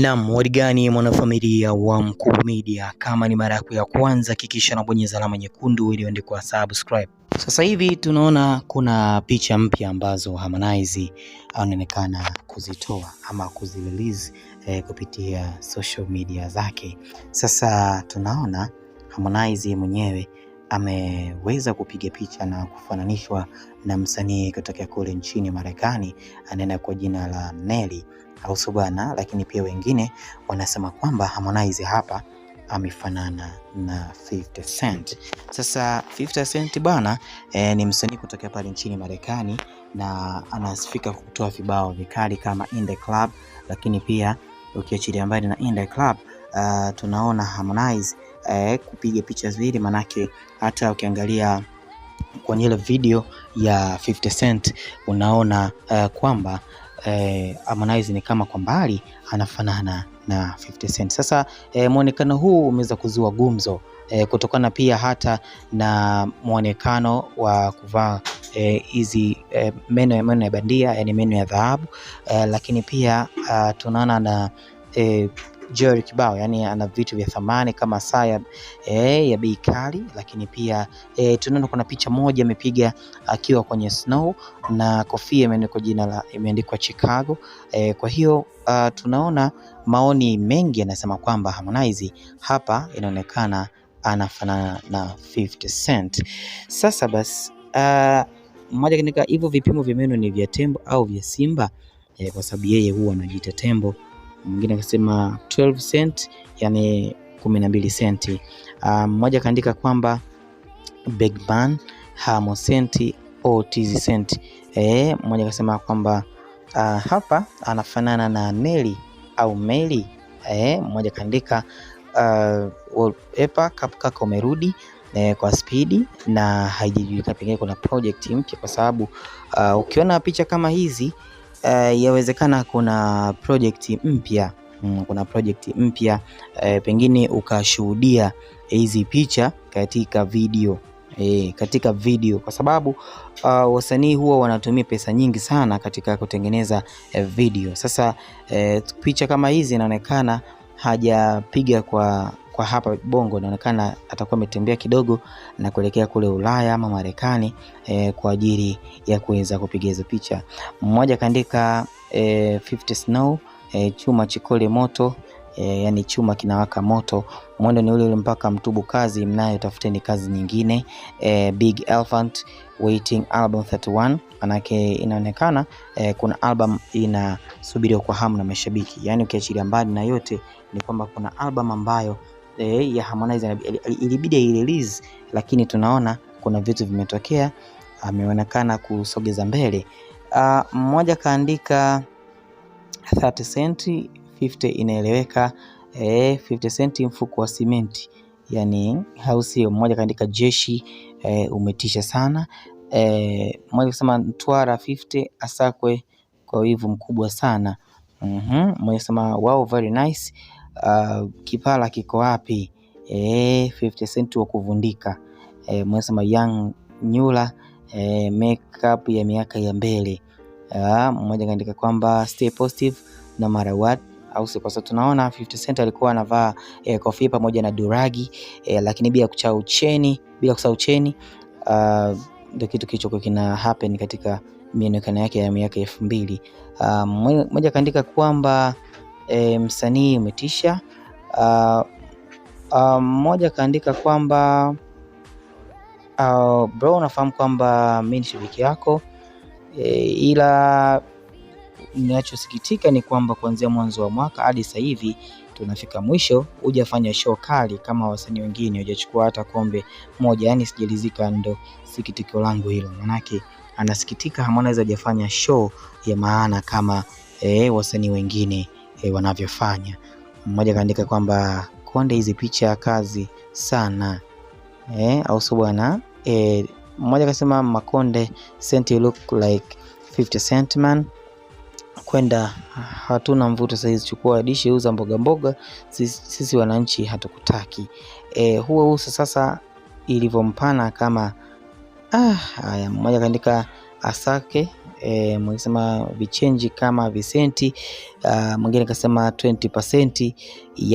Naam, warigani mwanafamilia wa Mkubwa Media, kama ni mara yako ya kwanza hakikisha unabonyeza alama nyekundu iliyoandikwa subscribe. Sasa hivi tunaona kuna picha mpya ambazo Harmonize ah, anaonekana kuzitoa ama kuzirelease eh, kupitia social media zake. Sasa tunaona Harmonize mwenyewe ameweza kupiga picha na kufananishwa na msanii kutokea kule nchini Marekani anaenda kwa jina la Nelly Auso bana, lakini pia wengine wanasema kwamba Harmonize hapa amefanana na 50 Cent. Sasa 50 Cent bana e, eh, ni msanii kutokea pale nchini Marekani na anasifika kutoa vibao vikali kama In The Club, lakini pia ukiachilia mbali na In The Club uh, tunaona Harmonize uh, kupiga picha zile, manake hata ukiangalia kwenye ile video ya 50 Cent unaona uh, kwamba eh, Harmonize ni kama kwa mbali anafanana na 50 Cent. Sasa eh, mwonekano huu umeweza kuzua gumzo eh, kutokana pia hata na mwonekano wa kuvaa eh, hizi eh, eh, meno, meno ya bandia yani meno ya dhahabu eh, lakini pia uh, tunaona na eh, jewelry kibao, yani ana vitu vya thamani kama saa ya, eh, ya bei kali, lakini pia eh, tunaona kuna picha moja amepiga akiwa kwenye snow na kofia imeandikwa jina la imeandikwa Chicago. Eh, kwa hiyo uh, tunaona maoni mengi yanasema kwamba Harmonize hapa inaonekana anafanana na 50 Cent. Sasa basi uh, ah, mmoja kinika hivyo vipimo vya meno ni vya tembo au vya simba eh, kwa sababu yeye huwa anajiita tembo mwingine akasema 12 cent, yani 12 senti. Ah, mmoja um, kaandika kwamba big hamosenti hamo senti. Oh, eh, mmoja akasema kwamba uh, hapa anafanana na Neli au Meli. Eh, mmoja kaandika ah, wallpaper uh, kapkaka umerudi eh, kwa spidi na haijajulikana, pengine kuna project mpya, kwa sababu uh, ukiona picha kama hizi uh, yawezekana kuna project mpya mm, kuna project mpya uh, pengine ukashuhudia hizi picha katika video E, katika video kwa sababu uh, wasanii huwa wanatumia pesa nyingi sana katika kutengeneza uh, video. Sasa uh, picha kama hizi inaonekana hajapiga kwa kwa hapa Bongo inaonekana atakuwa ametembea kidogo na kuelekea kule Ulaya ama Marekani e, kwa ajili ya kuweza kupiga hizo picha. Mmoja kaandika e, eh, 50 Snow e, chuma chikole moto e, yani chuma kinawaka moto, mwendo ni ule ule mpaka mtubu kazi mnayo, tafuteni kazi nyingine e, Big Elephant Waiting album 31 manake inaonekana eh, kuna album inasubiriwa kwa hamu na mashabiki. yani ukiachilia mbali na yote ni kwamba kuna album ambayo eh, ya Harmonize ilibidi release, lakini tunaona kuna vitu vimetokea, ameonekana kusogeza mbele. Uh, mmoja kaandika 30 cent 50 inaeleweka eh, 50 cent mfuko wa simenti yani sio? Mmoja kaandika jeshi eh, umetisha sana eh, mmoja kusema Mtwara 50 asakwe kwa wivu mkubwa sana. Mhm, mmoja kusema wow very nice uh, kipala kiko wapi? E, eh, 50 Cent wa kuvundika e, eh, mwesema young nyula e, makeup ya miaka ya mbele. Ah, mmoja kaandika kwamba stay positive no matter what au si kwa sababu tunaona 50 Cent alikuwa anavaa e, kofia pamoja na duragi e, lakini bila kuchau cheni, bila kusahau cheni ah, ndio kitu kilichokuwa kina happen katika mionekano yake ya miaka 2000. mbili. Ah, mmoja kaandika kwamba e, msanii umetisha. Ah, ah, mmoja akaandika kwamba Uh, bro unafahamu kwamba mi ni shabiki yako e, ila ninachosikitika ni kwamba kuanzia mwanzo wa mwaka hadi sasa hivi tunafika mwisho, hujafanya show kali kama wasanii wengine, hujachukua hata kombe moja, yani sijalizika, ndo sikitiko langu hilo. Manake anasikitika Harmonize hajafanya show ya maana kama e, wasanii wengine e, wanavyofanya. Mmoja kaandika kwamba Konde, hizi picha kazi sana e, au sio bwana e. Mmoja akasema Makonde sent you look like 50 cent man kwenda hatuna mvuto sahizi, chukua dishi, uza mboga mboga, sisi, sisi wananchi hatukutaki. E, huo uso sasa ilivyompana kama ah. Haya, mmoja kaandika asake e, vichenji kama visenti, uh, mwingine kasema 20% ya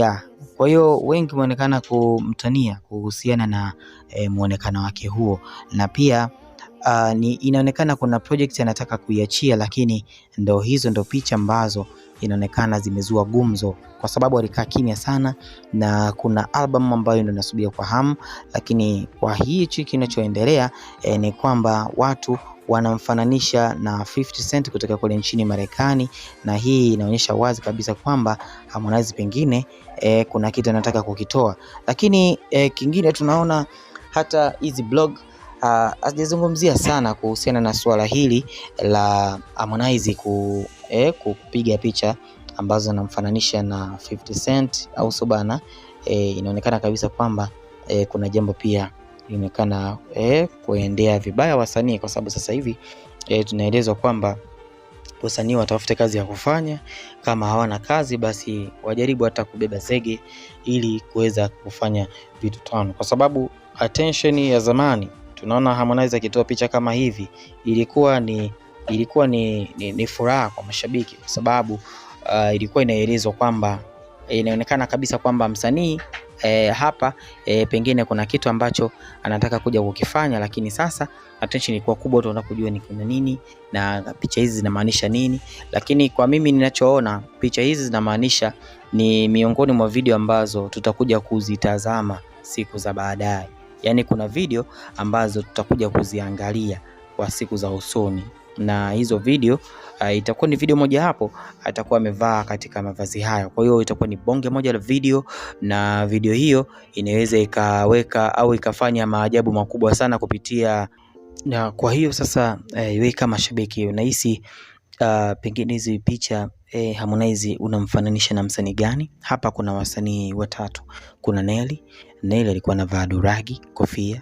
yeah. Kwa hiyo wengi waonekana kumtania kuhusiana na e, eh, muonekano wake huo na pia Uh, ni inaonekana kuna project anataka kuiachia, lakini ndo hizo ndo picha ambazo inaonekana zimezua gumzo, kwa sababu alikaa kimya sana, na kuna album ambayo ndo inasubia kwa hamu, lakini kwa hichi kinachoendelea e, ni kwamba watu wanamfananisha na 50 Cent kutoka kule nchini Marekani, na hii inaonyesha wazi kabisa kwamba Harmonize pengine e, kuna kitu anataka kukitoa. Lakini e, kingine tunaona hata hizi blog ah, hazijazungumzia uh, sana kuhusiana na suala hili la Harmonize ku, eh, kupiga picha ambazo anamfananisha na 50 Cent au sobana. E, eh, inaonekana kabisa kwamba e, kuna jambo pia inaonekana eh, kuendea vibaya wasanii, kwa sababu sasa hivi eh, tunaelezwa kwamba wasanii watafute kazi ya kufanya. Kama hawana kazi, basi wajaribu hata kubeba zege ili kuweza kufanya vitu tano, kwa sababu attention ya zamani tunaona Harmonize akitoa picha kama hivi ilikuwa ni ilikuwa ni, ni, ni furaha kwa mashabiki kwa sababu uh, ilikuwa inaelezwa kwamba Eh, inaonekana kabisa kwamba msanii E, hapa e, pengine kuna kitu ambacho anataka kuja kukifanya, lakini sasa attention ilikuwa kubwa, tunataka kujua ni kuna nini na picha hizi zinamaanisha nini. Lakini kwa mimi ninachoona, picha hizi zinamaanisha ni miongoni mwa video ambazo tutakuja kuzitazama siku za baadaye, yaani kuna video ambazo tutakuja kuziangalia kwa siku za usoni na hizo video uh, itakuwa ni video moja hapo atakuwa amevaa katika mavazi hayo. Kwa hiyo itakuwa ni bonge moja la video, na video hiyo inaweza ikaweka au ikafanya maajabu makubwa sana kupitia na kwa hiyo sasa eh, wewe kama shabiki unahisi uh, pengine hizi picha eh, Harmonize unamfananisha na msanii gani? Hapa kuna wasanii watatu. Kuna Nelly. Nelly alikuwa anavaa duragi, kofia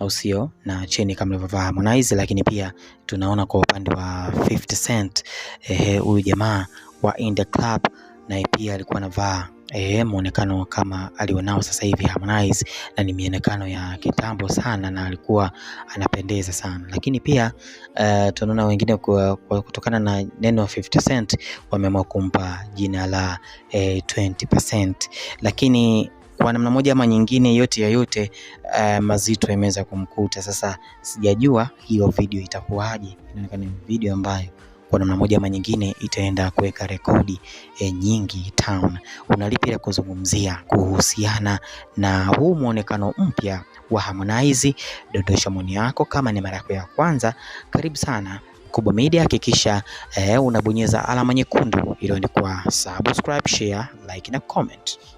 au sio, na cheni kama alivyovaa Harmonize, lakini pia tunaona kwa upande wa 50 Cent ehe, huyu jamaa wa In The Club naye pia alikuwa anavaa eh, muonekano kama alionao sasa hivi Harmonize, na ni mionekano ya kitambo sana, na alikuwa anapendeza sana, lakini pia uh, tunaona wengine kwa, kwa kutokana na neno 50 Cent wameamua kumpa jina la eh, 20%, lakini kwa namna moja ama nyingine yote yote uh, mazito yameweza kumkuta. Sasa sijajua hiyo video itakuwaje, inaonekana video ambayo kwa namna moja ama nyingine itaenda kuweka rekodi e, nyingi town. Unalipi la kuzungumzia kuhusiana na huu mwonekano mpya wa Harmonize? Dondosha maoni yako. Kama ni mara yako ya kwanza, karibu sana Kubwa Media, hakikisha e, unabonyeza alama nyekundu iliyoandikwa subscribe, share, like na comment.